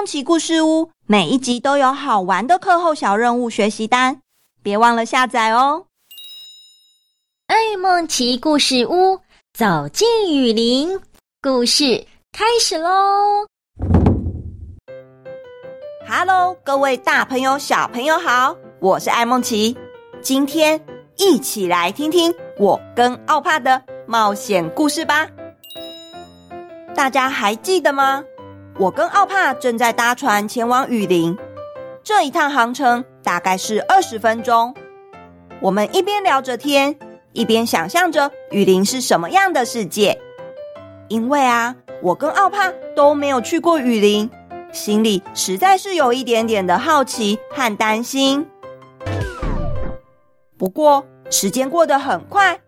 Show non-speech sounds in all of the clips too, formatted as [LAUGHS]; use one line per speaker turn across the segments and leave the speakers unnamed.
愛孟奇故事屋每一集都有好玩的課後小任務學習單，別忘了下載哦！愛孟奇故事屋走進雨林，故事開始嘍！Hello，各位大朋友小朋友好，我是愛孟奇，今天一起來聽聽我跟奧帕的冒險故事吧！大家還記得嗎？我跟奧帕正在搭船前往雨林，這一趟航程大概是二十分鐘。我們一邊聊着天，一邊想象着雨林是什麼樣的世界。因為啊，我跟奧帕都沒有去過雨林，心裡實在是有一點點的好奇和擔心。不過時間過得很快，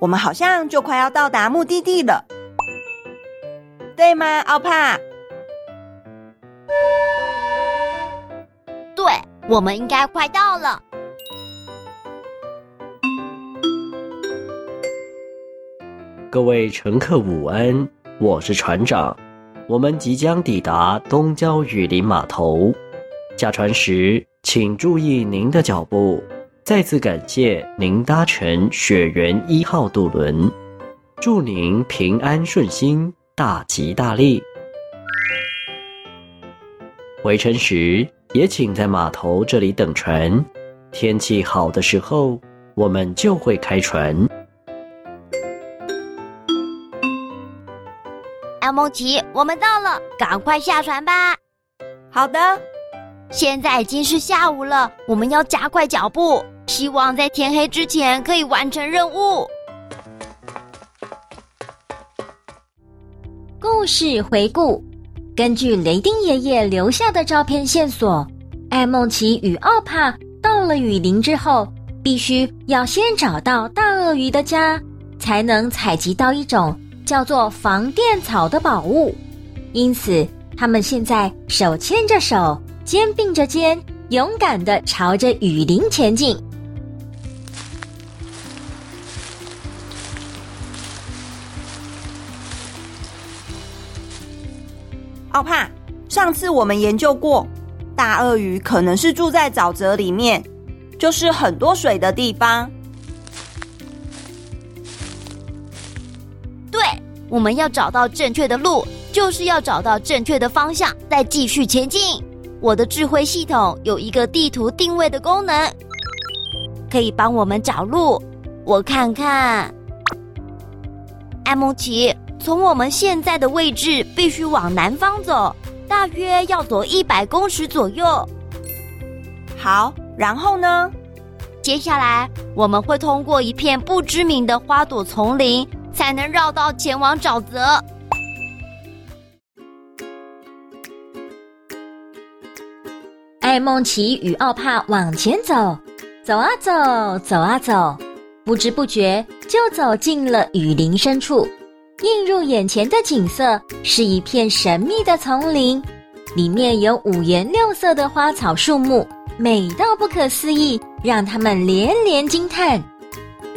我們好像就快要到達目的地了，對嗎，奧帕？對，我們應該快到
了。
各位乘客午安，我是船長，我們即將抵達東郊雨林碼頭。下船時請注意您的腳步。再次感謝您搭乘雪原一號渡輪，祝您平安順心，大吉大利。回程時也請在碼頭這裡等船，天氣好的時候我們就會開船。
愛孟奇，我們到了，趕快下船吧。好的，現在已經是下午了，我們要加快腳步，希望在天黑之前可以完成任務。
故事回顧。根據雷丁爺爺留下的照片線索，愛孟奇與奧帕到了雨林之後，必須要先找到大鱷魚的家，才能採集到一種叫做防電草的寶物。因此，他們現在手牽着手，肩並着肩，勇敢地朝着雨林前進。
奧帕，上次我們研究過，大鱷魚可能是住在沼澤裡面，就是很多水的地方。
對，我們要找到正確的路，就是要找到正確的方向，再繼續前進。我的智慧系統有一個地圖定位的功能，可以幫我們找路。我看看，愛孟奇。從我們現在的位置，必須往南方走，大約要走一百公尺左右。好，然後呢？接下來我們會通過一片不知名的花朵叢林，才能繞道前往沼澤。
愛孟奇與奧帕往前走，走啊走，走啊走，不知不覺就走進了雨林深處。映入眼前的景色是一片神秘的叢林，裡面有五顏六色的花草樹木，美到不可思議，讓他們連連驚嘆：“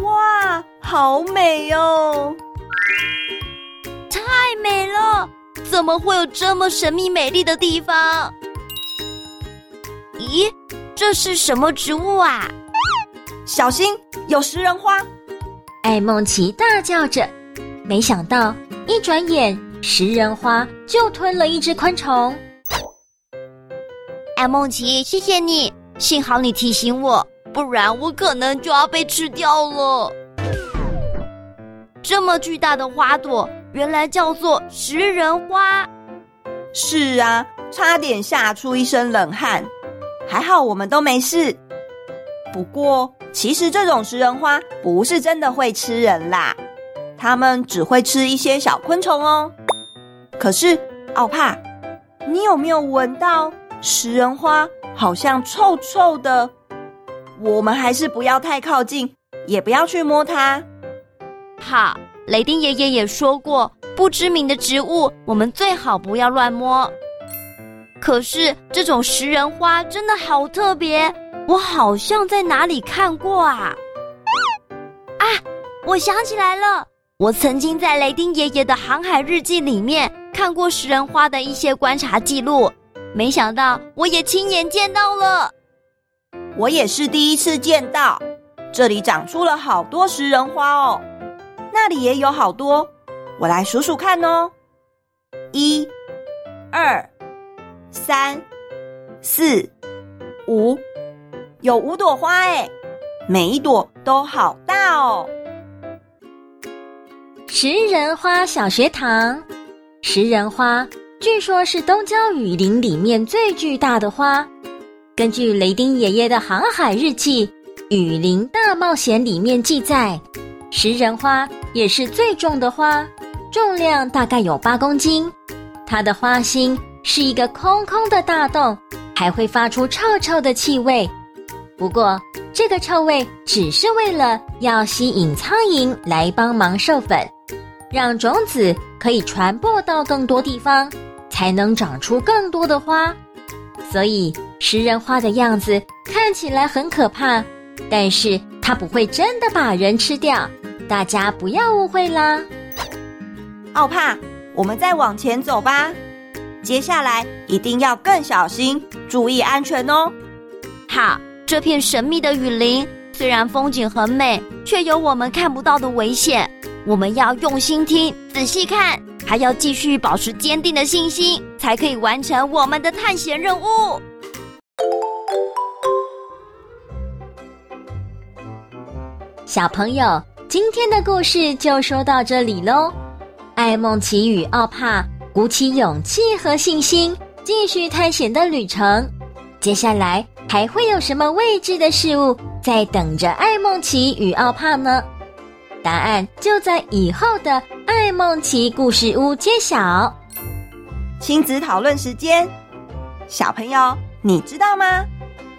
哇，好美喲、
哦！太美了！怎麼會有這麼神秘美麗的地方？”咦，這是什麼植物啊？小心，有食人花！
艾夢琪大叫着。沒想到，一轉眼，食人花就吞了一隻昆
蟲。愛孟奇，謝謝你，幸好你提醒我，不然我可能就要被吃掉了。
這麼巨大的花朵，原來叫做食人花。是啊，差點嚇出一身冷汗，還好我們都沒事。不過，其實這種食人花不是真的會吃人啦。它們只會吃一些小昆蟲哦。可是，奧帕，你有沒有聞到食人花好像臭臭的？我們還是不要太靠近，也不要去摸它。好，雷丁爺爺也說過，不知名的植物我們最好不要亂摸。
可是這種食人花真的好特別，我好像在哪裡看過啊？啊，我想起來了。我曾經在雷丁爺爺的航海日記裡面看過食人花的一些觀察記錄，沒想到我也親眼見到了。我也
是第一次見到，這裡長出了好多食人花哦，那裡也有好多，我來數數看哦，一、二、三、四、五，有五朵花哎，每一朵都好大哦。
食人花小學堂，食人花據說是東郊雨林裡面最巨大的花。根據雷丁爺爺的航海日記《雨林大冒險》裡面記載，食人花也是最重的花，重量大概有八公斤。它的花心是一個空空的大洞，還會發出臭臭的氣味。不過，這個臭味只是為了要吸引蒼蠅來幫忙授粉，讓種子可以傳播到更多地方，才能長出更多的花。所以食人花的樣子看起來很可怕，但是它不會真的把人吃掉，大家不要誤
會啦。奧帕，我們再往前走吧。接下來一定要更小心，注意安全哦。好。這片
神祕的雨林雖然風景很美，卻有我們看不到的危險。我們要用心聽，仔細看，還要繼續保持堅定的信心，才可以完成我們的探險任務。
小朋友，
今天的故事就
說到這裡嘍。愛孟奇與奧帕鼓起勇氣和信心，繼續探險的旅程。接下來。還會有什麼未知的事物在等着愛孟奇與奧帕呢？答案就在以
後的《愛孟奇故事屋》揭曉。親子討論時間，小朋友，你知道嗎？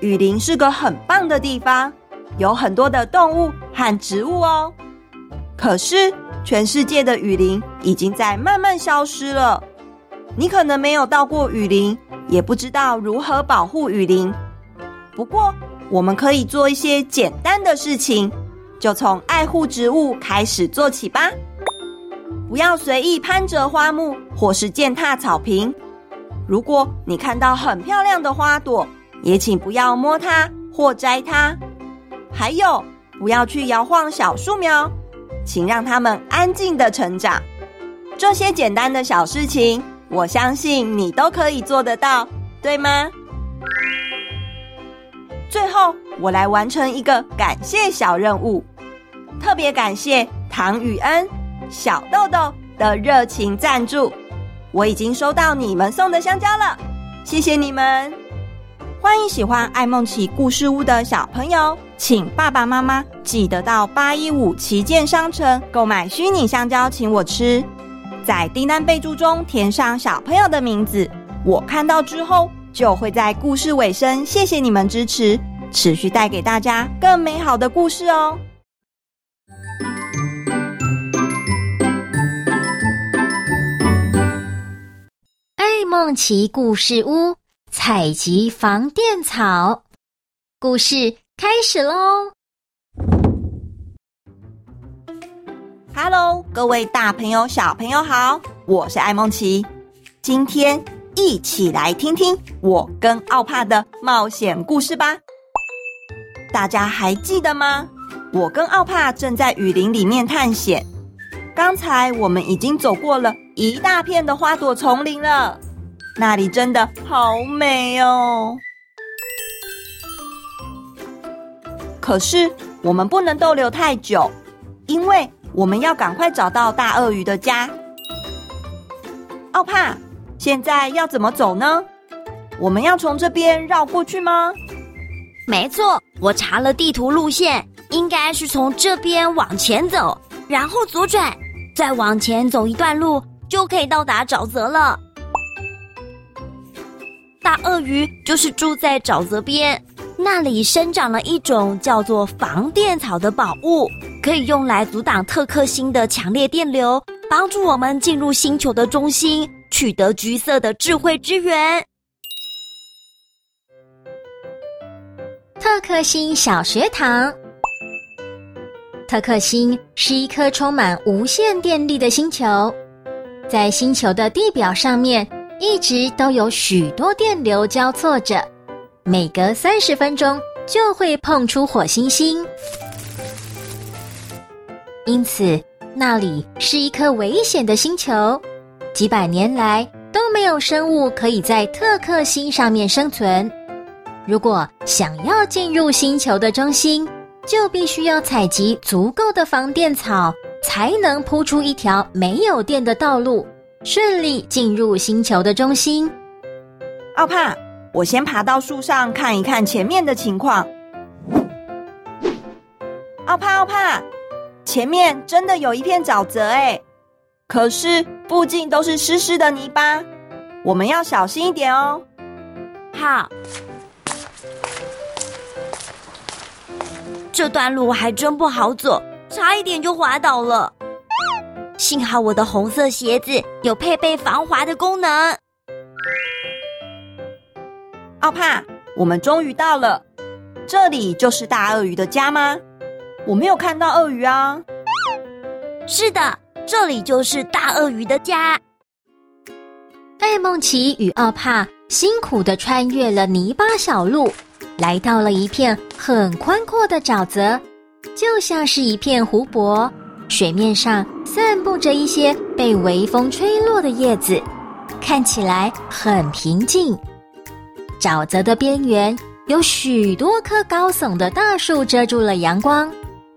雨林是個很棒的地方，有很多的動物和植物哦。可是，全世界的雨林已經在慢慢消失了。你可能沒有到過雨林，也不知道如何保護雨林。不過，我們可以做一些簡單的事情，就從愛護植物開始做起吧。不要隨意攀折花木，或是踐踏草坪。如果你看到很漂亮的花朵，也請不要摸它或摘它。還有，不要去搖晃小樹苗，請讓它們安靜地成長。這些簡單的小事情，我相信你都可以做得到，對嗎？最後，我來完成一個感謝小任務，特別感謝唐雨恩、小豆豆的熱情贊助。我已經收到你們送的香蕉了，謝謝你們！歡迎喜歡愛孟奇故事屋的小朋友，請爸爸媽媽記得到八一五旗艦商城購買虛擬香蕉，請我吃。在訂單備注中填上小朋友的名字，我看到之後。就會在故事尾聲，謝謝你們支持，持續帶給大家更美好的故事哦。愛孟奇
故事屋，採集防電草，故事
開始嘍！Hello，各位大朋友、小朋友好，我是愛孟奇，今天。一起來聽聽我跟奧帕的冒險故事吧！大家還記得嗎？我跟奧帕正在雨林裡面探險。剛才我們已經走過了一大片的花朵叢林了，那裡真的好美哦。可是我們不能逗留太久，因為我們要趕快找到大鱷魚的家。奧帕，現在要怎麼走呢？我們要從這邊繞過去嗎？沒錯，我
查了地圖路線，應該是從這邊往前走，然後左轉，再往前走一段路就可以到達沼澤了。大鱷魚就是住在沼澤邊，那裡生長了一種叫做防電草的寶物，可以用來阻擋特克星的強烈電流，幫助我們進入星球的中心，取得橘色的智慧之源。特克星
小學堂。特克星是一顆充滿無限電力的星球，在星球的地表上面一直都有許多電流交錯着，每隔三十分鐘就會碰出火星星，因此那裡是一顆危險的星球。幾百年來都沒有生物可以在特克星上面生存。如果想要進入星球的中心，就必須要採集足夠的防電草，才能鋪
出一條沒有電的道路，順利進入星球的中心。奧帕，我先爬到樹上看一看前面的情況。奧帕，奧帕，前面真的有一片沼澤誒。可是附近都是濕濕的泥巴，我們要小心一點哦。好，
這段路還真不好走，差一點就滑倒了。幸好我的紅色鞋子有配備防滑的功能。
奧帕，我們終於到了，這裡就是大鱷魚的家嗎？我沒有看到鱷魚啊。是的。
這裡就是大鱷魚的家。愛孟奇與奧
帕辛苦地穿越了泥巴小路，來到了一片很寬闊的沼澤，就像是一片湖泊。水面上散布着一些被微風吹落的葉子，看起來很平靜。沼澤的邊緣有許多棵高聳的大樹遮住了陽光，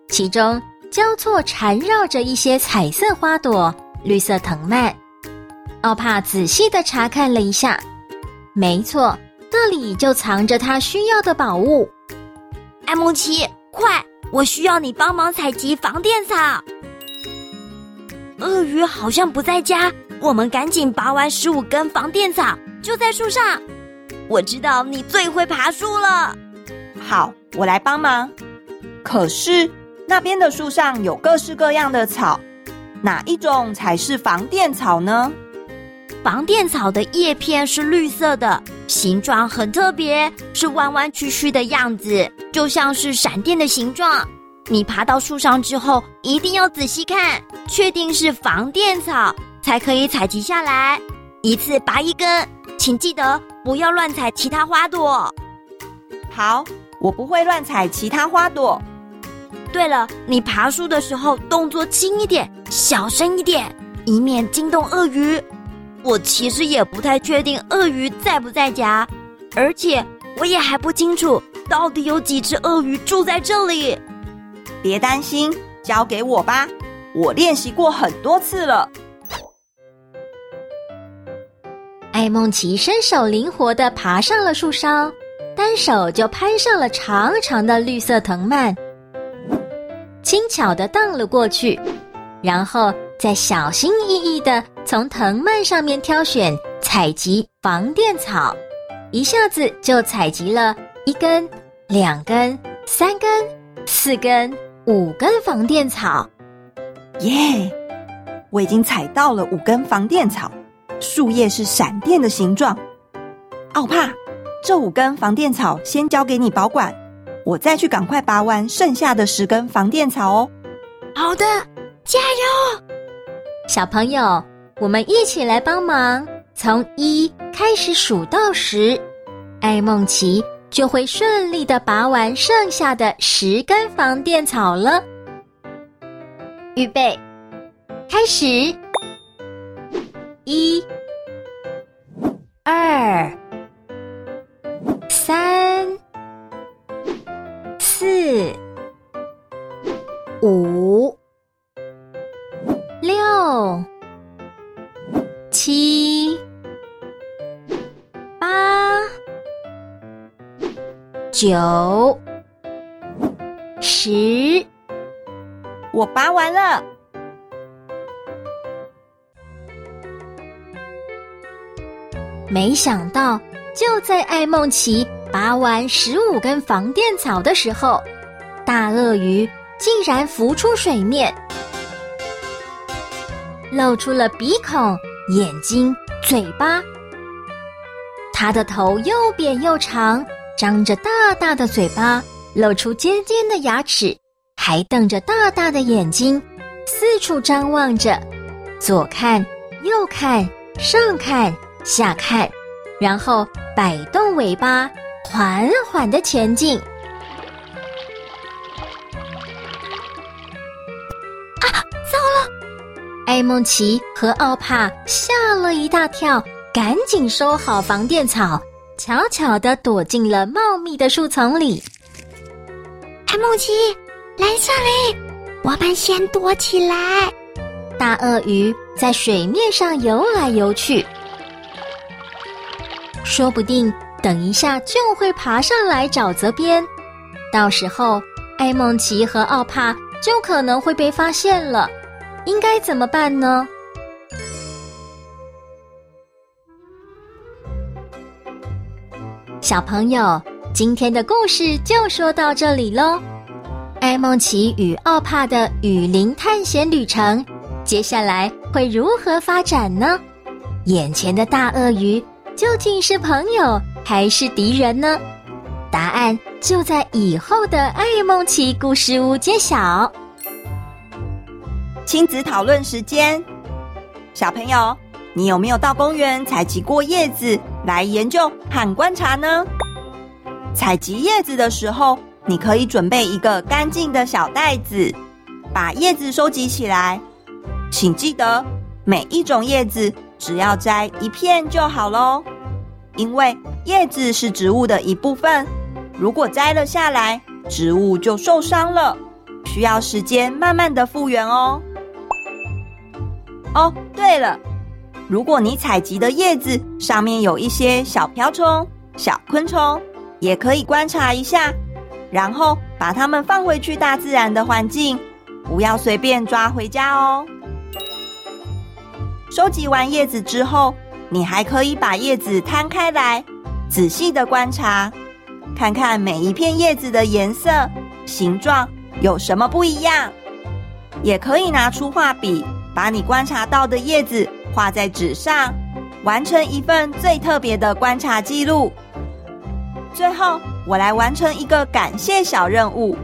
其中，交錯纏繞着一些彩色花朵、綠色藤蔓。奧帕仔細地查看了一下，
沒錯，這裡就藏着他需要的寶物。愛孟奇，快，我需要你幫忙採集防電草。鱷魚好像不在家，我們趕緊拔完十五根防電草，就在樹上。我知道你最會爬樹了。
好，我來幫忙。可是。那邊的樹上有各式各樣的草，哪一種才是防電草呢？防電草的葉片是綠
色的，形狀很特別，是彎彎曲曲的樣子，就像是閃電的形狀。你爬到樹上之後，一定要仔細看，確定是防電草才可以採集下來，一次拔一根。請記得不要亂採其他花朵。好，我不會亂採其他花朵。對了，你爬樹的時候動作輕一點，小聲一點，以免驚動鱷魚。我其實也不太確定鱷魚在不在家，而且我也還不清楚到底有幾隻鱷魚
住在這裡。別擔心，交給我吧，我練習過很多次了。愛孟
奇身手靈活的爬上了樹梢，單手就攀上了長長的綠色藤蔓，輕巧地蕩了過去，然後再小心翼翼地從藤蔓上面挑選、採集防電草，一下子就採集了一根、兩根、
三根、四根、五根防電草。耶、yeah!！我已經採到了五根防電草。樹葉是閃電的形狀。奧帕，這五根防電草先交給你保管。我再去趕快拔完剩下的十根防電草哦！好的，加油，小朋友，我們一起來幫忙，從一開始
數到十，愛孟奇就會順利的拔完剩下的十根防電草了。預備，開始！一、二、三。七、八、九、十，我拔完了。沒想到，就在愛孟奇拔完十五根防電草的時候，大鱷魚竟然浮出水面。露出了鼻孔、眼睛、嘴巴。它的頭又扁又長，張着大大的嘴巴，露出尖尖的牙齒，還瞪着大大的眼睛，四處張望着，左看右看，上看下看，然後擺動尾巴，緩緩的前進。愛孟奇和奧帕嚇了一大跳，趕緊收好防電草，悄悄地躲進了茂密的樹叢裡。愛孟奇，下來，我們先躲起來。大鱷魚在水面上游來游去，說不定等一下就會爬上來沼澤邊，到時候愛孟奇和奧帕就可能會被發現了。應該怎麼辦呢？小朋友，今天的故事就說到這裡嘍。愛孟奇與奧帕的雨林探險旅程，接下來會如何發展呢？眼前的大鱷魚究竟是朋友還是敵人呢？答案就在以後的
愛孟奇故事屋揭曉。親子討論時間，小朋友，你有沒有到公園採集過葉子來研究和觀察呢？採集葉子的時候，你可以準備一個乾淨的小袋子，把葉子收集起來。請記得，每一種葉子只要摘一片就好嘍，因為葉子是植物的一部分，如果摘了下來，植物就受傷了，需要時間慢慢的復原哦。哦，對了，如果你採集的葉子上面有一些小瓢蟲、小昆蟲，也可以觀察一下，然後把它們放回去大自然的環境，不要隨便抓回家哦。收集完葉子之後，你還可以把葉子攤開來，仔細的觀察，看看每一片葉子的顏色、形狀有什麼不一樣。也可以拿出畫筆。把你觀察到的葉子畫在紙上，完成一份最特別的觀察記錄。最後，我來完成一個感謝小任務，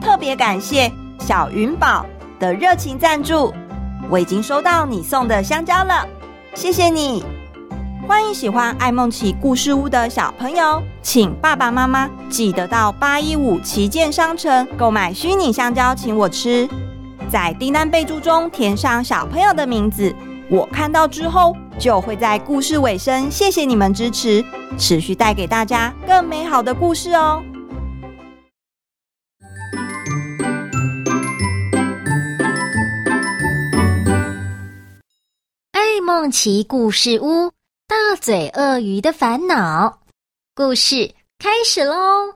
特別感謝小雲寶的熱情贊助。我已經收到你送的香蕉了，謝謝你！歡迎喜歡愛孟奇故事屋的小朋友，請爸爸媽媽記得到八一五旗艦商城購買虛擬香蕉，請我吃。在訂單備註中填上小朋友的名字，我看到之後就會在故事尾聲謝謝你們支持，持續帶給大家更美好的故事哦。
愛孟奇故事屋《大嘴鱷魚
的煩惱》故事開始嘍！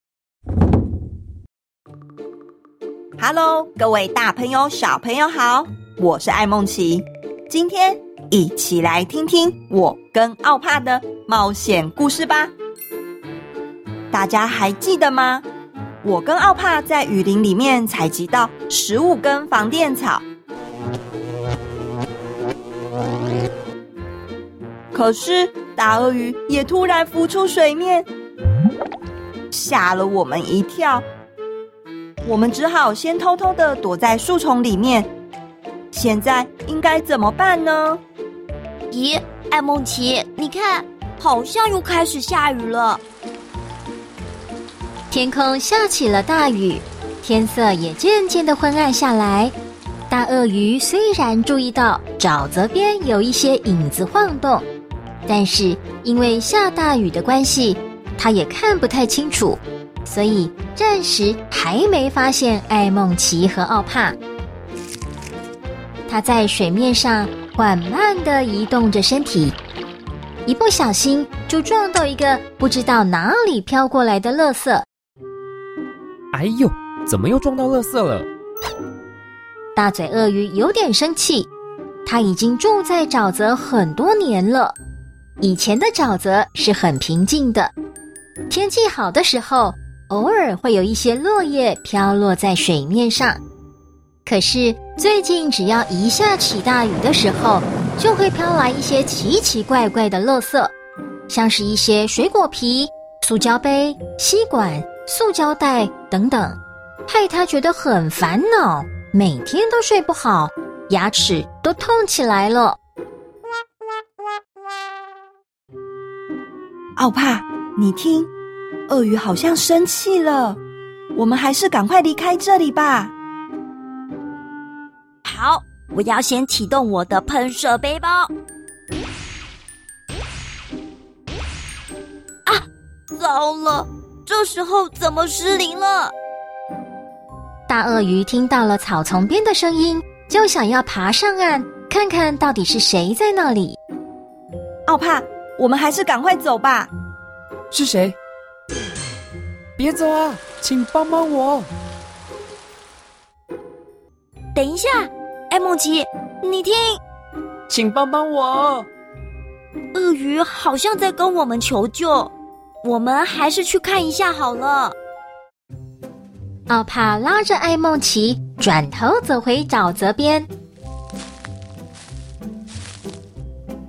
Hello，各位大朋友、小朋友好，我是艾夢琪，今天一起來聽聽我跟奧帕的冒險故事吧。大家還記得嗎？我跟奧帕在雨林裡面採集到十五根防電草，可是大鱷魚也突然浮出水面，嚇了我們一跳。我們只好先偷偷的躲在樹叢裡面。現在應該怎麼辦呢？咦，愛孟奇，你看，好像
又開始下雨了。天空下起了大雨，
天色也漸漸的昏暗下來。大鱷魚雖然注意到沼澤邊有一些影子晃動，但是因為下大雨的關係，它也看不太清楚。所以暫時還沒發現愛孟奇和奧帕。他在水面上緩慢地移動着身體，一不小心就撞到一個不知道哪裡飄過來的垃圾。
哎呦，怎麼又撞到垃圾了？
大嘴鱷魚有點生氣。他已經住在沼澤很多年了，以前的沼澤是很平靜的，天氣好的時候。偶爾會有一些落葉飄落在水面上，可是最近只要一下起大雨的時候，就會飄來一些奇奇怪怪的垃圾，像是一些水果皮、塑膠杯、吸管、塑膠袋等等，害他覺得很煩惱，每天都睡不好，牙齒都
痛起來了。哇哇哇哇。奧帕，你聽。鱷魚好像生氣了，我們還是趕快離開這裡吧。好，我要先啟
動我的噴射背包。啊，糟了，這時候怎麼失靈了？
大鱷魚聽到了草叢邊的聲音，就想要爬上岸，
看看到底是誰在那裡。奧帕，我們還是趕快走吧。是誰？別走啊！請幫幫我！
等一下，愛孟奇，你聽，請幫幫我！鱷魚好像在跟我們求救，我們還是去看一下好了。
奧帕拉着愛孟奇轉頭走回沼澤邊，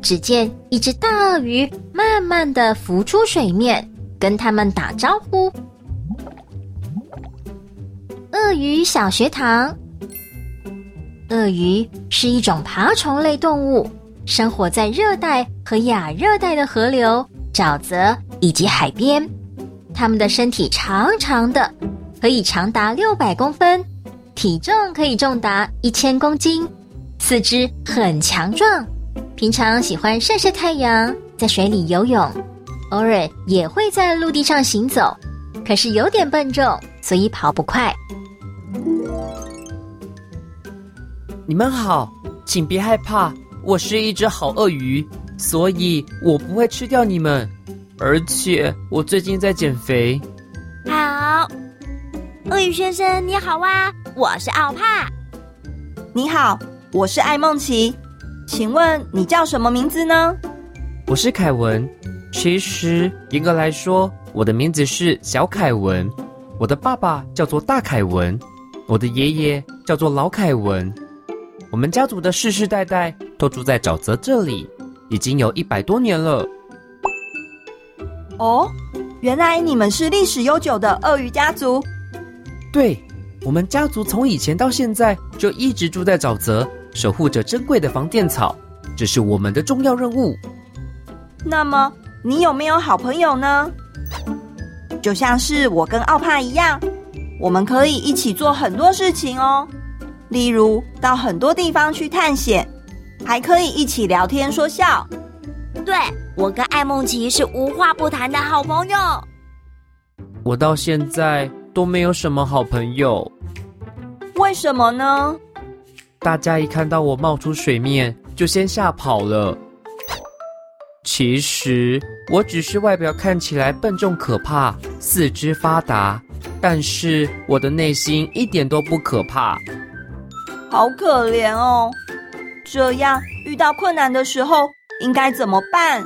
只見一隻大鱷魚慢慢的浮出水面，跟他們打招呼。鱷魚小學堂。鱷魚是一種爬蟲類動物，生活在熱帶和亞熱帶的河流、沼澤以及海邊。它們的身體長長的，可以長達六百公分，體重可以重達一千公斤，四肢很強壯。平常喜歡曬曬太陽，在水裡游泳，偶爾也會在陸地上行走，可是有點笨重，所以跑不快。
你們好，請別害怕，我是一只好鱷魚，所以我不會吃掉你們，而且我最近在減肥。
好，鱷魚先
生，你好啊！我是奧帕。你好，我是愛孟奇，請問你叫什麼名字呢？
我是凱文。其實嚴格來說，我的名字是小凱文，我的爸爸叫做大凱文。我的爺爺叫做老凱文，我們家族的世世代代都住在沼澤這裡，已經有一百多年了。
哦，原來你們是歷史悠久的鱷魚家族。
對，我們家族從以前到現在就一直住在沼澤，守護着珍貴的防電草，這是我們的重要任務。
那麼，你有沒有好朋友呢？就像是我跟奧帕一樣。我們可以一起做很多事情哦，例如到很多地方去探險，還可以一起聊天說笑。對，我跟愛孟奇是無
話不談的好朋友。
我到現在都沒有什麼好朋友，
為什麼呢？
大家一看到我冒出水面，就先嚇跑了。其實我只是外表看起來笨重可怕，四肢發達。但是我的內心一點都不可怕，
好可憐哦！這樣遇到困難的時候應該怎麼辦？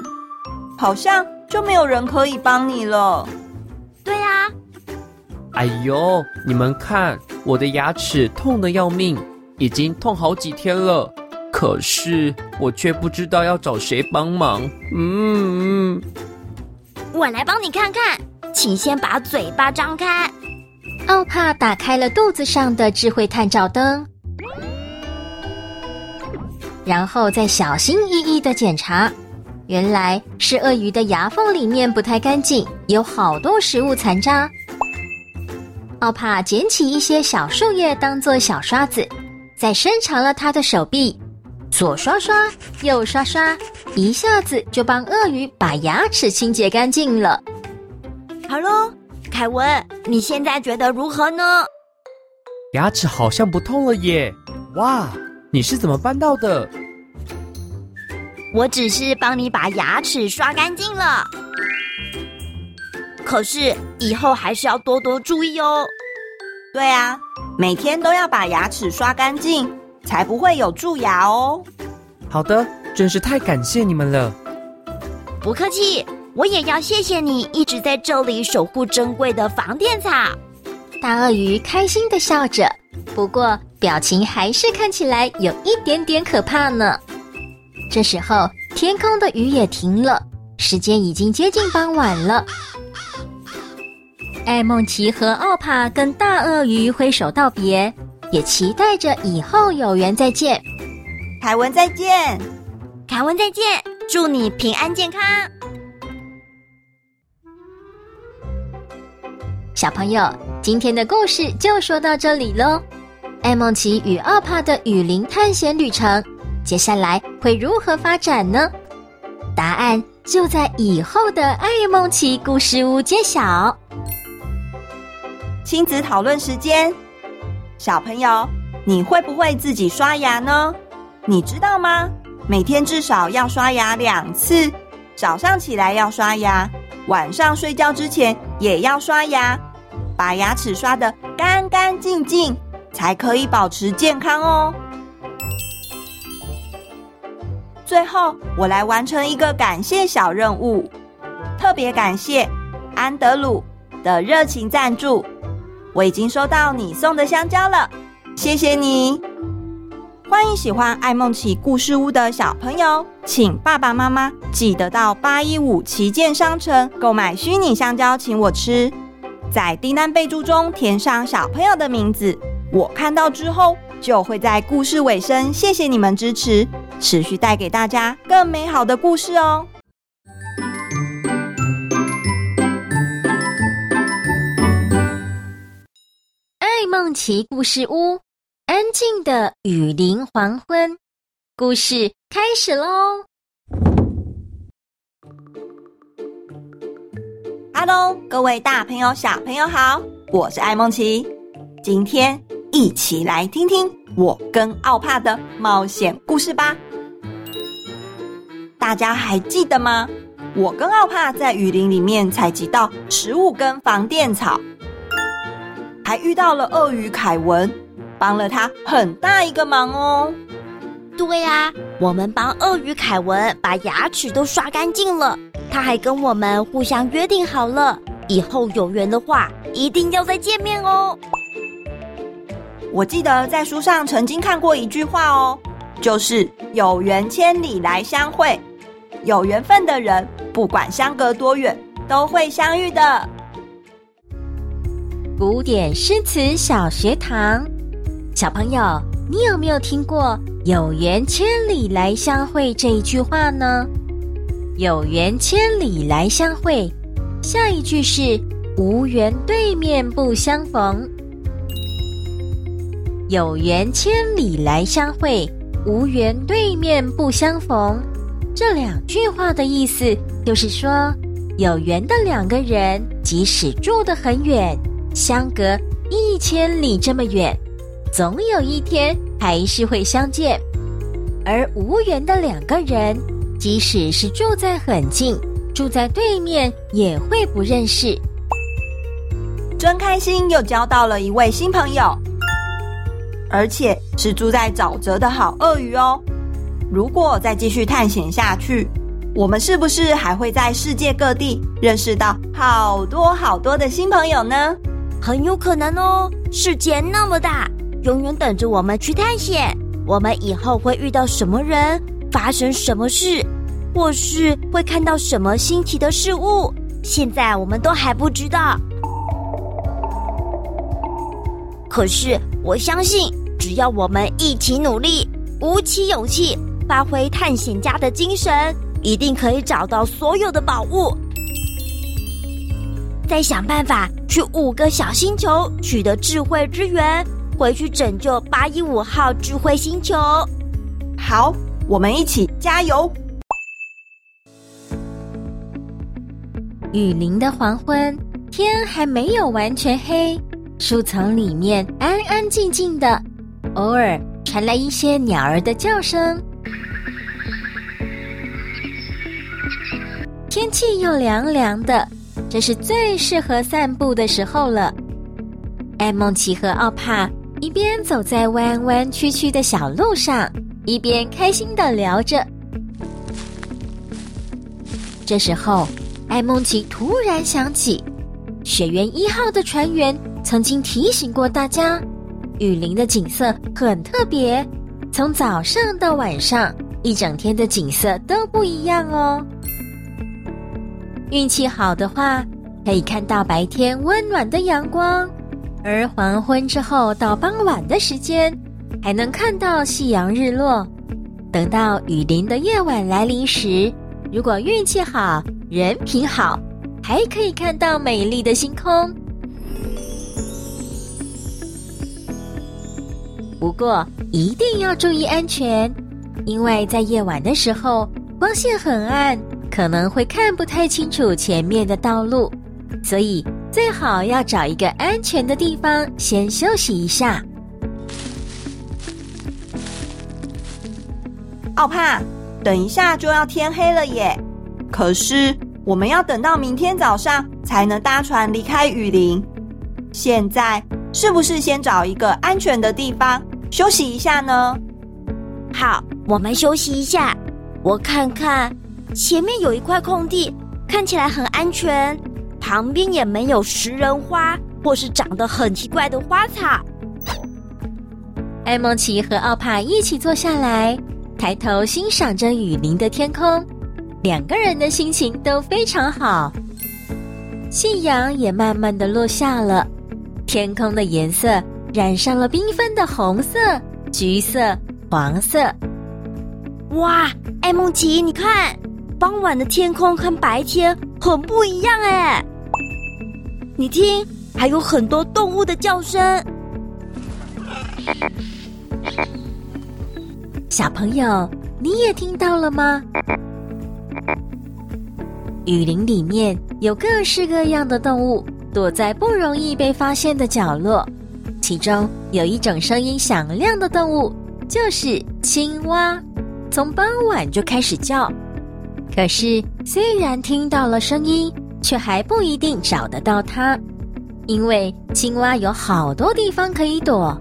好像就沒有人可以幫你了。對呀。
哎呦，你們看我的牙齒痛得要命，已經痛好幾天了，可是我卻不知道要找誰幫忙。
嗯，我來幫你看看。請先把嘴巴張開。奧帕打
開了肚子上的智慧探照燈，然後再小心翼翼地檢查，原來是鱷魚的牙縫裡面不太乾淨，有好多食物殘渣。奧帕撿起一些小樹葉當做小刷子，再伸長了他的手臂，左刷刷，右刷刷，一下子就幫鱷魚把牙齒清潔
乾淨了。哈囉，凱文，你現在覺得如何呢？
牙齒好像不痛了耶！哇，你是怎麼辦到的？
我只是幫你把牙齒刷乾淨了。
可是以後還是要多多注意哦。對啊，每天都要把牙齒刷乾淨，才不會有蛀牙哦。好的，真是太感謝你們了。不客氣。我也
要謝謝你一直在這裡守護珍貴的防電草。大鱷魚
開心的笑着，不過表情還是看起來有一點點可怕呢。這時候，天空的雨也停了，時間已經接近傍晚了。愛孟奇和奧帕跟大鱷魚揮手道別，也期待着以後有緣再見。
凱文
再見，凱文再見，祝你平安健康。
小朋友，今天的故事就說到這裡嘍。愛孟奇與奧帕的雨林探險旅程，接下來會如何發展呢？答案就在以後的愛
孟奇故事屋揭曉。親子討論時間，小朋友，你會不會自己刷牙呢？你知道嗎？每天至少要刷牙兩次，早上起來要刷牙。晚上睡覺之前也要刷牙，把牙齒刷得乾乾淨淨，才可以保持健康哦。 [NOISE] 最後，我來完成一個感謝小任務，特別感謝安德魯的熱情贊助，我已經收到你送的香蕉了，謝謝你。歡迎喜歡愛孟奇故事屋的小朋友，請爸爸媽媽記得到八一五旗艦商城購買虛擬香蕉，請我吃。在訂單備註中填上小朋友的名字，我看到之後就會在故事尾聲謝謝你們支持，持續帶給大家更美好的故事哦。愛
孟奇故事屋。安靜的雨林黃昏，故
事開始嘍！Hello，各位大朋友、小朋友好，我是愛孟奇，今天一起來聽聽我跟奧帕的冒險故事吧。大家還記得嗎？我跟奧帕在雨林裡面採集到15根防電草，還遇到了鱷魚凱文，幫了他很大一個忙哦。對呀，
我們幫鱷魚凱文把牙齒都刷乾淨了。他還跟我們互相約定好了，以後有緣的話一定要再見面哦。
我記得在書上曾經看過一句話哦，就是“有緣千里來相會，有緣分的人不管相隔多遠都會相遇的”。古典詩詞
小學堂。小朋友，你有沒有聽過“有緣千里來相會”這一句話呢？“有緣千里來相會”，下一句是“無緣對面不相逢”。有緣千里來相會，無緣對面不相逢。這兩句話的意思就是說，有緣的兩個人，即使住得很遠，相隔一千里這麼遠。總有一天還是會相見，而無緣的兩個人，即使是住在很近，住在對面，
也會不認識。真開心，又交到了一位新朋友，而且是住在沼澤的好鱷魚哦。如果再繼續探險下去，我們是不是還會在世界各地認識到好多好多的新朋友呢？很有可能哦，世
界那麼大。永遠等着我們去探險。我們以後會遇到什麼人、發生什麼事，或是會看到什麼新奇的事物，現在我們都還不知道。可是我相信，只要我們一起努力，鼓起勇氣，發揮探險家的精神，一定可以找到所有的寶物。再想辦法去五個小星球取得智慧之源。回去拯救八一五號智慧星球。好，我們一起加油。
雨林的黃昏，天還沒有完全黑，樹叢裡面安安靜靜的，偶爾傳來一些鳥兒的叫聲。天氣又涼涼的，這是最適合散步的時候了。愛孟奇和奧帕。一邊走在彎彎曲曲的小路上，一邊開心的聊着。這時候，愛孟奇突然想起，雪原一號的船員曾經提醒過大家，雨林的景色很特別，從早上到晚上，一整天的景色都不一樣哦。運氣好的話，可以看到白天溫暖的陽光。而黃昏之後到傍晚的時間，還能看到夕陽日落。等到雨林的夜晚來臨時，如果運氣好、人品好，還可以看到美麗的星空。不過一定要注意安全，因為在夜晚的時候光線很暗，可能會看不太清楚前面的道路，所以。最好要找一個安全的地方先休
息一下。奧帕，等一下就要天黑了耶。可是我們要等到明天早上才能搭船離開雨林。現在是不是先找一個安全的地方休息一下呢？好，我們休
息一下。我看看，前面有一塊空地，看起來很安全。旁邊也沒有食人花，或是長得很奇怪的花草。愛孟奇和奧帕一起坐下來，抬頭
欣賞着雨林的天空，兩個人的心情都非常好。夕陽也慢慢的落下了，天空的顏色染上了繽紛的紅色、橘色、黃色。
哇，愛孟奇，你看，傍晚的天空和白天很不一樣哎。你聽，還有很多動物的叫聲。
小朋友，你也聽到了嗎？雨林裡面有各式各樣的動物，躲在不容易被發現的角落。其中有一種聲音響亮的動物，就是青蛙，從傍晚就開始叫。可是，雖然聽到了聲音，卻還不一定找得到它，因為青蛙有好多地方可以躲，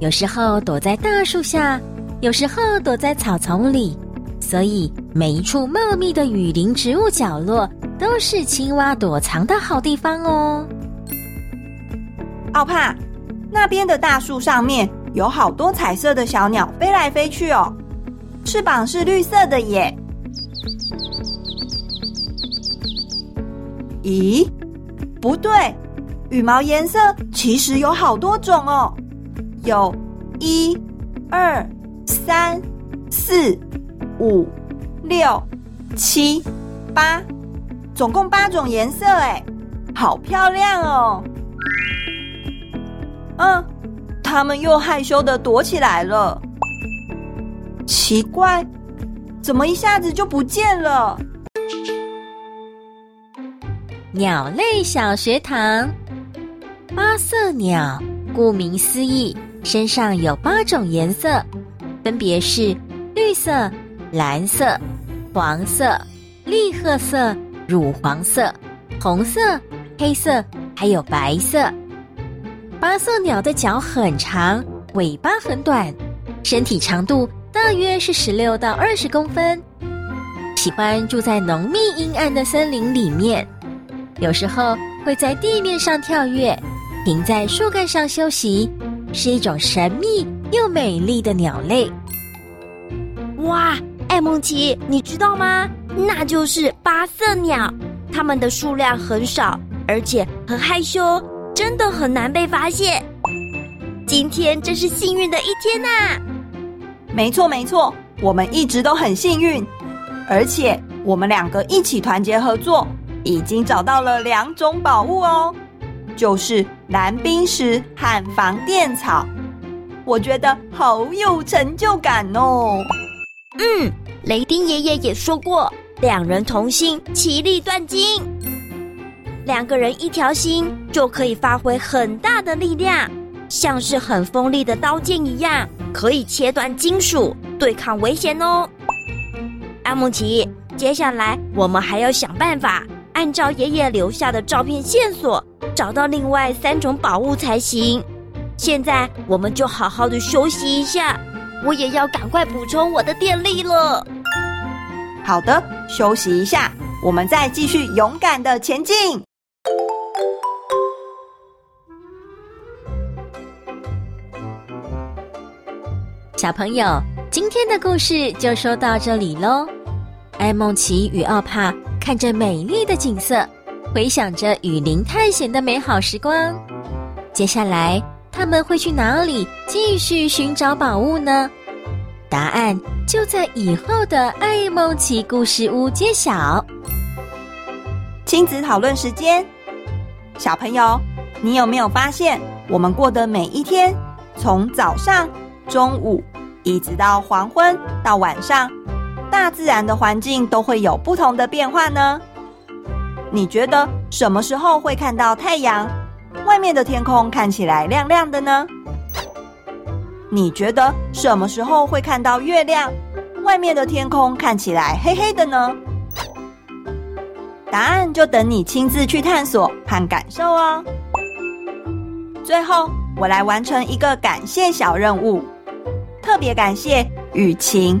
有時候躲在大樹下，有時候躲在草叢裡，所以每一處茂密的雨林植物角落都是青蛙
躲藏的好地方哦。奧帕，那邊的大樹上面有好多彩色的小鳥飛來飛去哦，翅膀是綠色的耶。咦，不對，羽毛顏色其實有好多種哦，有，一、二、三、四、五、六、七、八，總共八種顏色誒，好漂亮哦。嗯，他們又害羞的躲起來了，奇怪，怎麼一下子就不見了？鳥類小學堂，八色鳥，顧名
思義，身上有八種顏色，分別是綠色、藍色、黃色、栗褐色、乳黃色、紅色、黑色，還有白色。八色鳥的腳很長，尾巴很短，身體長度大約是十六到二十公分，喜歡住在濃密陰暗的森林裡面。有時候會在地面上跳躍，停在樹幹上休息，是一種神秘又美麗的鳥類。
哇，愛孟奇，你知道嗎？那就是八色鳥，它們的數量很少，而且很害羞，真的很難被發現。
今天真是幸運的一天吶、啊！沒錯沒錯，我們一直都很幸運，而且我們兩個一起團結合作。已經找到了兩種寶物哦，就是藍冰石和防電草。我覺得好有成就感哦。
嗯，雷丁爺爺也說過，兩人同心，其利斷金。兩個人一條心就可以發揮很大的力量，像是很鋒利的刀劍一樣，可以切斷金屬，對抗危險哦。愛孟奇，接下來我們還要想辦法。按照爺爺留下的照片線索，找到另外三種寶物才行。現
在我們就好好的休息一下，我也要趕快補充我的電力了。好的，休息一下，我們再繼續勇敢的前進。
小朋友，今天的故事就說到這裡嘍。愛孟奇與奧帕。看着美麗的景色，回想着雨林探險的美好時光。接下來他們會去哪裡繼續尋找寶物呢？答案就在以
後的愛孟奇故事屋揭曉。親子討論時間，小朋友，你有沒有發現我們過的每一天，從早上、中午，一直到黃昏到晚上。大自然的環境都會有不同的變化呢？你覺得什麼時候會看到太陽，外面的天空看起來亮亮的呢？你覺得什麼時候會看到月亮，外面的天空看起來黑黑的呢？答案就等你親自去探索和感受哦。最後，我來完成一個感謝小任務，特別感謝雨晴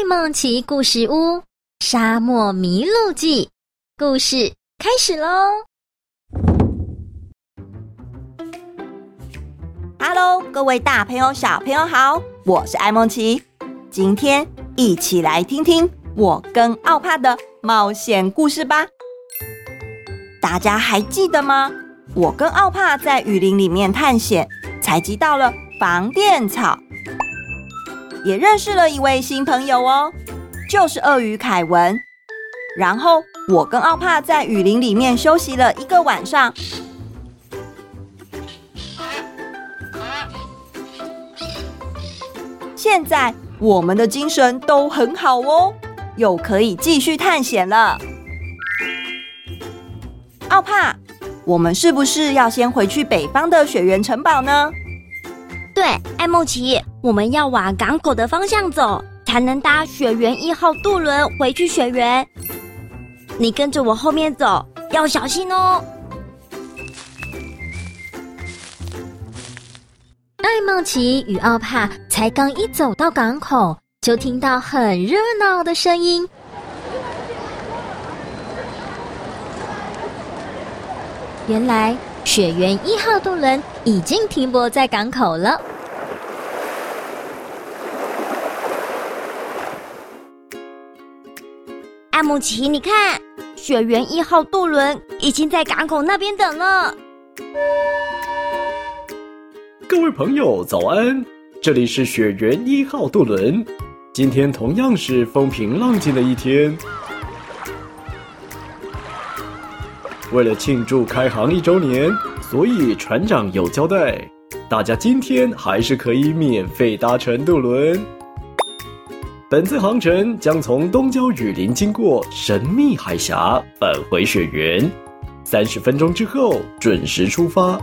愛孟奇故事屋《沙漠迷路記》
故事開始嘍！Hello，各位大朋友、小朋友好，我是愛孟奇，今天一起來聽聽我跟奧帕的冒險故事吧。大家還記得嗎？我跟奧帕在雨林裡面探險，採集到了防電草。也認識了一位新朋友哦，就是鱷魚凱文。然後我跟奧帕在雨林裡面休息了一個晚上。現在我們的精神都很好哦，又可以繼續探險了。奧帕，我們是不是要先回去北方的雪原城堡呢？對，愛孟奇。我們要往港口的
方向走，才能搭雪原一號渡輪回去雪原。你跟着我後面走，要小心哦。
愛孟奇與奧帕才剛一走到港口，就聽到很熱鬧的聲音。原來雪原一號渡輪已經停泊在港口了。
愛孟奇，你看，雪原一號渡輪已經在港口那邊等了。
各位朋友，早安！這裡是雪原一號渡輪，今天同樣是風平浪靜的一天。為了慶祝開航一周年，所以船長有交代，大家今天還是可以免費搭乘渡輪。本次航程將從東郊雨林經過神秘海峽返回雪原，三十分鐘之後準時出發。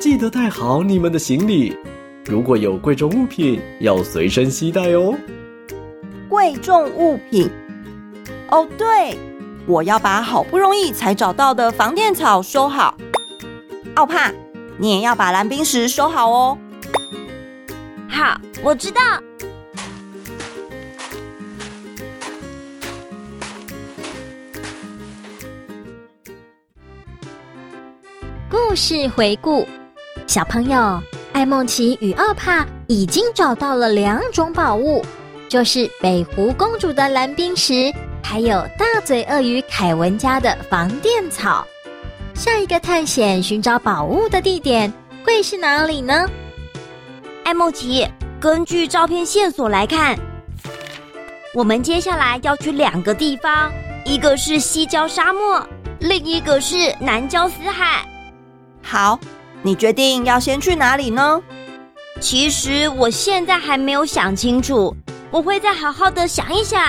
記得帶好你們的行李，如果有貴重物品，要隨身攜帶哦。
貴重物品？哦，對，我要把好不容易才找到的防電草收好。奧帕，你也要把藍冰石收好哦。
好，我知道。故
事回顧：小朋友愛孟奇與奧帕已經找到了兩種寶物，就是北湖公主的藍冰石，還有大嘴鱷魚凱文家的防電草。下一個探險尋找
寶物的地點會是哪裡呢？愛孟奇，根據照片線索來看，我們接下來要去兩個地方，一個是西郊沙漠，另一個是南郊死海。好，你決定要先去哪裡呢？其實我現在還沒有想清楚，我會再好好的想一想。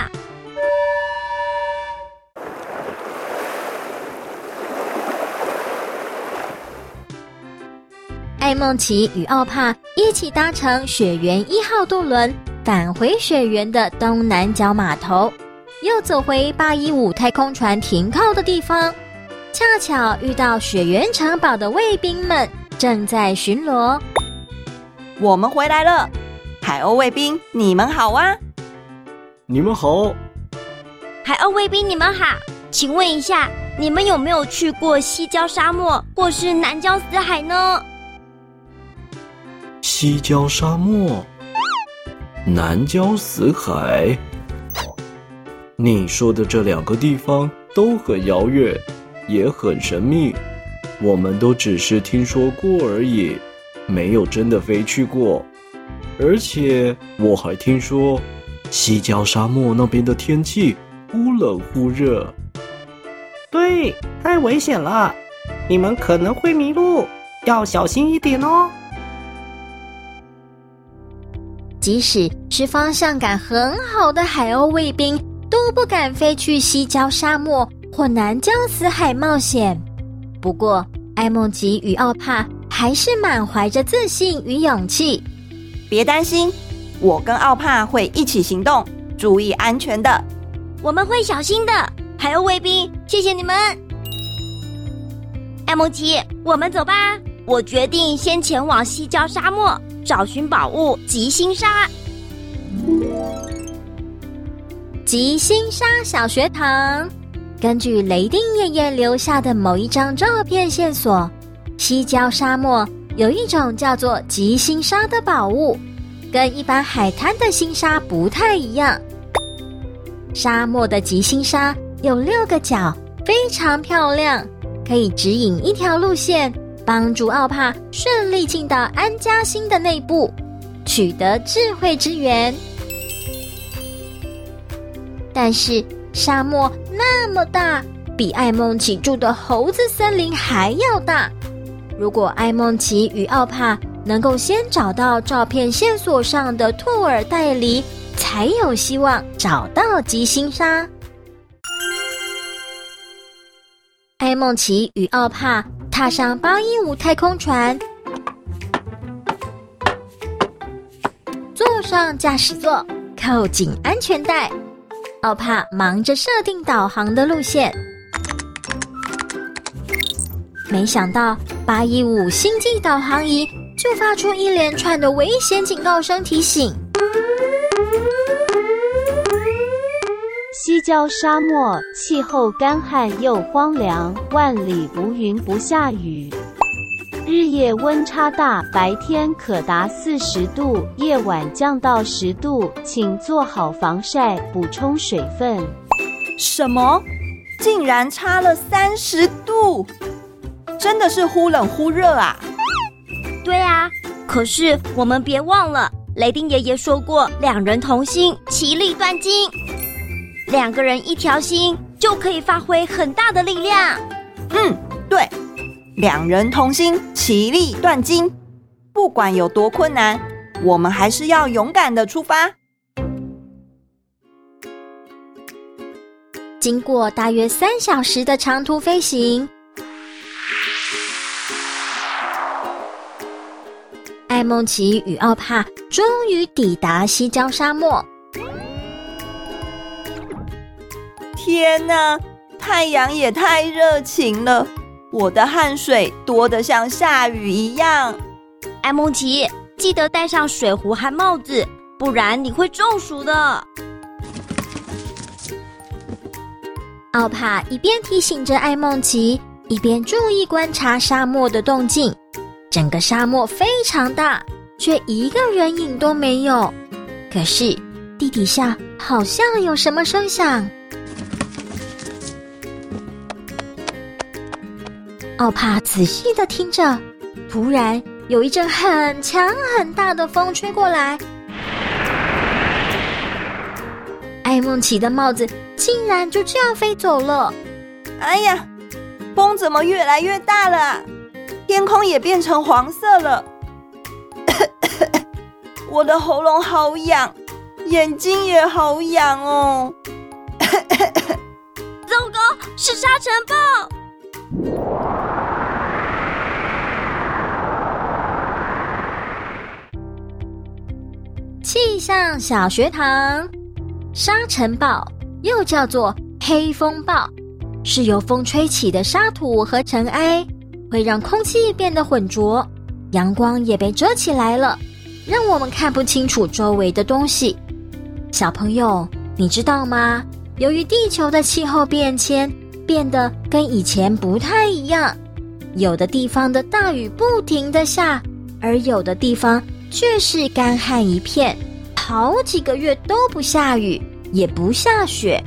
愛孟奇與奧帕一起搭乘雪原一號渡輪返回雪原的東南角碼頭，又走回八一五太空船停靠的地方。恰巧遇到雪原城堡的衛
兵們正在巡邏，我們回來了，海鷗衛兵，你們好啊！
你們好，
海鷗衛兵，你們好，請問一下，你們有沒有去過西郊沙漠或是南郊死海呢？
西郊沙漠，南郊死海，你說的這兩個地方都很遙遠。也很神祕，我們都只是聽說過而已，沒有真的飛去過。而且我還聽說，西郊沙漠那邊的天氣忽冷忽熱。對，太危險了，你們可能會迷路，
要小心一點哦。即使
是方向感很好的海鷗衛兵，都不敢飛去西郊沙漠。或南疆死海冒險，不過愛孟奇與
奧帕還是滿懷着自信與勇氣。別擔心，我跟奧帕會一起行動，注意安全的。
我們會小心的，還有衛兵，謝謝你們。愛孟奇，我們走吧。我決定先前往西郊沙漠找尋寶物極星砂。極星砂小學堂。
根據雷丁爺爺留下的某一張照片線索，西郊沙漠有一種叫做極星砂的寶物，跟一般海灘的星沙不太一樣。沙漠的極星砂有六個角，非常漂亮，可以指引一條路線，幫助奧帕順利進到安家星的內部，取得智慧之源。但是。沙漠那麼大，比愛孟奇住的猴子森林還要大。如果愛孟奇與奧帕能夠先找到照片線索上的兔耳袋狸，才有希望找到極星砂。愛孟奇與奧帕踏上八一五太空船，坐上駕駛座，扣緊安全帶。奧帕忙着設定導航的路線，沒想到八一五星際導航儀就發出一連串的危險警告聲提醒。
西郊沙漠氣候乾旱又荒涼，萬里無雲不下雨。日夜溫差大，白天可達四十度，夜晚降到
十度，請做好防曬，補充水分。什麼？竟然差了三十度？真的是忽冷忽
熱啊！對啊，可是我們別忘了，雷丁爺爺說過：“兩人同心，其利斷金。”兩個人一條心，就可以發揮很大的力量。嗯，對。
兩人同心，其利斷金。不管有多困難，我們還是要勇敢的出發。經的。經過
大約三小時的長途飛行，愛孟奇與奧帕終於抵達
西郊沙漠。天吶，太陽也太熱情了！我的汗水多得像下雨一樣。愛孟奇，記得戴上水壺和帽子，
不然你會中暑的。
奧帕一邊提醒着愛孟奇，一邊注意觀察沙漠的動靜。整個沙漠非常大，卻一個人影都沒有。可是地底下好像有什麼聲響。奧帕仔細的聽着，突然有一陣很強很大的風吹過來，愛孟奇的帽子竟然就這樣飛走了。
哎呀，風怎麼越來越大了？天空也變成黃色了。 [COUGHS] 我的喉嚨好癢，眼睛也好癢哦。
糟糕， [COUGHS] 是沙塵暴！
像小學堂，沙塵暴又叫做黑風暴，是由風吹起的沙土和塵埃，會讓空氣變得渾濁，陽光也被遮起來了，讓我們看不清楚周圍的東西。小朋友，你知道嗎？由於地球的氣候變遷，變得跟以前不太一樣，有的地方的大雨不停的下，而有的地方卻是乾旱一片。好幾個月都不下雨，也不下雪，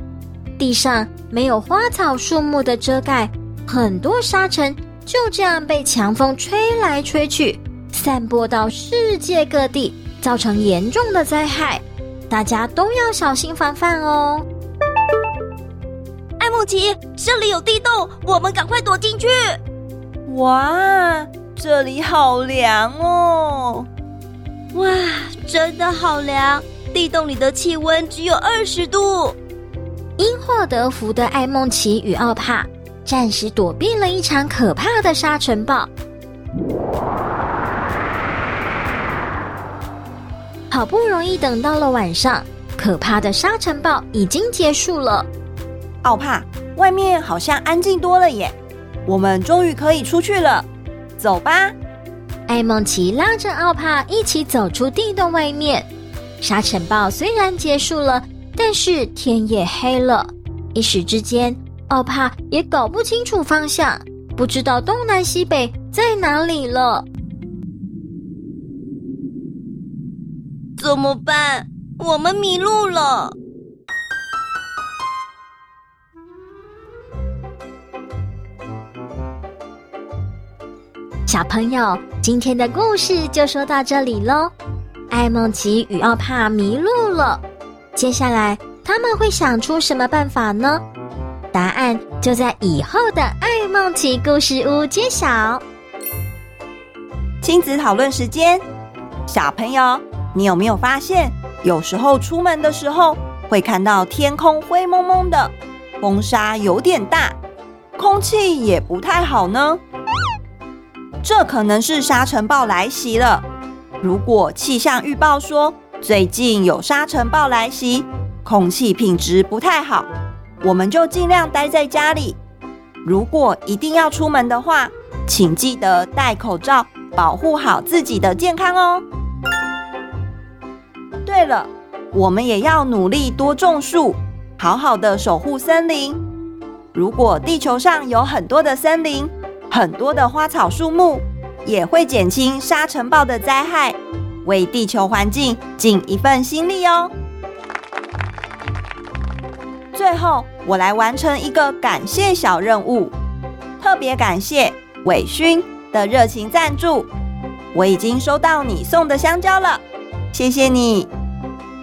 地上沒有花草樹木的遮蓋，很多沙塵就這樣被強風吹來吹去，散播到世界各地，造成嚴重的災害。大家都要小心防範哦。
愛孟奇，這裡有地洞，我們趕快躲進去。
哇，這裡好涼哦。哇，真的好涼！
地洞裡的氣溫只有二十度。因禍得福的愛
孟奇與奧帕暫時躲避了一場可怕的沙塵暴。好不容易等
到了晚上，可怕的沙塵暴已經結束了。奧帕，外面好像安靜多了耶，我們終於可以出去了，走吧。
愛孟奇拉着奧帕一起走出地洞外面。沙塵暴雖然結束了，但是天也黑了。一時之間，奧帕也搞不清楚方向，不知道東南西北在哪裡
了。怎麼辦？我們迷路了。小
朋友，今天的故事就說到這裡嘍。愛孟奇與奧帕迷路了，接下來他們會想出什麼辦法呢？答案就在以後的
《愛孟奇故事屋》揭曉。親子討論時間，小朋友，你有沒有發現，有時候出門的時候會看到天空灰蒙蒙的，風沙有點大，空氣也不太好呢？這可能是沙塵暴來襲了。如果氣象預報說最近有沙塵暴來襲，空氣品質不太好，我們就盡量待在家裡。如果一定要出門的話，請記得戴口罩，保護好自己的健康哦。對了，我們也要努力多種樹，好好的守護森林。如果地球上有很多的森林，很多的花草樹木也會減輕沙塵暴的災害，為地球環境盡一份心力哦。 [LAUGHS] 最後，我來完成一個感謝小任務，特別感謝偉勳的熱情贊助，我已經收到你送的香蕉了，謝謝你。